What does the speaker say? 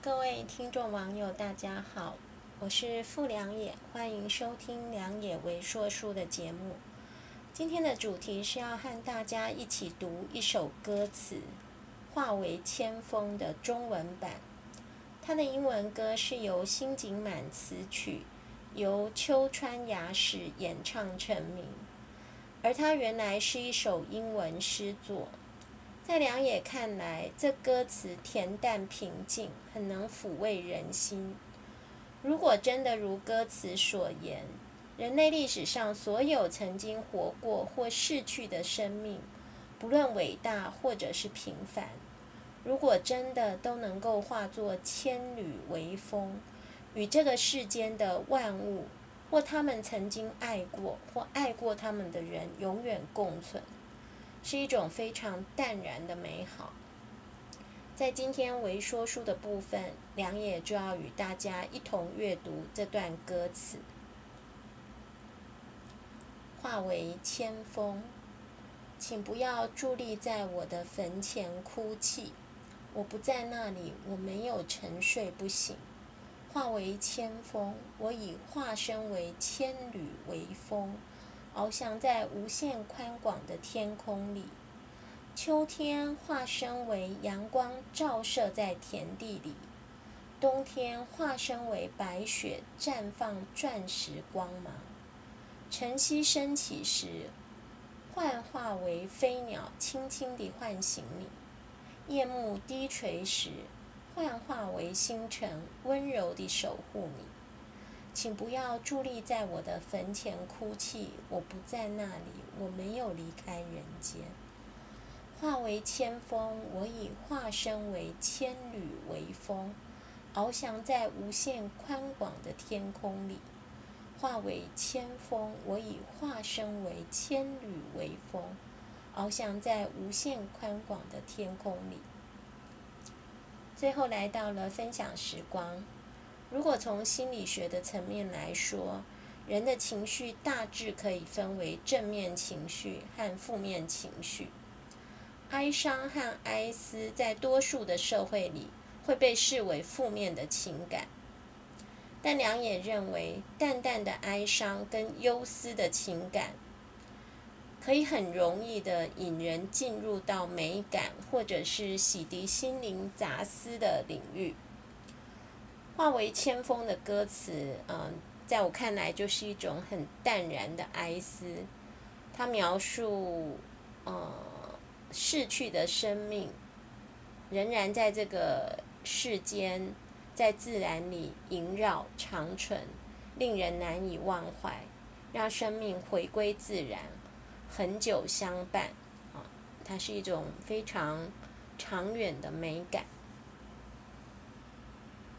各位聽眾網友，大家好，我是傅良也，歡迎收聽良也微說書的節目。今天的主題是要和大家一起讀一首歌詞《化為千風》的中文版。它的英文歌是由新井滿詞曲，由秋川雅史演唱成名，而它原來是一首英文詩作。在良也看來，這歌詞恬淡平靜，很能撫慰人心。如果真的如歌詞所言，人類歷史上所有曾經活過或逝去的生命，不論偉大或者是平凡，如果真的都能夠化作千縷微風，與這個世間的萬物，或他們曾經愛過，或愛過他們的人，永遠共存。是一種非常淡然的美好。在今天微說書的部分，良也就要與大家一同閱讀這段歌詞。化為千風，請不要佇立在我的墳前哭泣，我不在那裡，我沒有沉睡不醒。化為千風，我已化身為千縷微風。翱翔在無限寬廣的天空裡，秋天化身為陽光照射在田地裡，冬天化身為白雪綻放鑽石光芒。晨曦升起時，幻化為飛鳥輕輕地喚醒你；夜幕低垂時，幻化為星辰溫柔地守護你。請不要佇立在我的墳前哭泣，我不在那裡，我沒有離開人間。化為千風，我已化身為千縷微風，翱翔在無限寬廣的天空裡。化為千風，我已化身為千縷微風，翱翔在無限寬廣的天空裡。最後來到了分享時光。如果從心理學的層面來說，人的情緒大致可以分為正面情緒和負面情緒。哀傷和哀思在多數的社會裡會被視為負面的情感，但良也認為，淡淡的哀傷跟憂思的情感，可以很容易的引人進入到美感，或者是洗滌心靈雜思的領域。化為千風的歌詞，嗯、呃，在我看來就是一種很淡然的哀思。它描述，呃，逝去的生命仍然在這個世間，在自然裡縈繞長存，令人難以忘懷，讓生命回歸自然，恆久相伴。啊、呃，它是一種非常長遠的美感。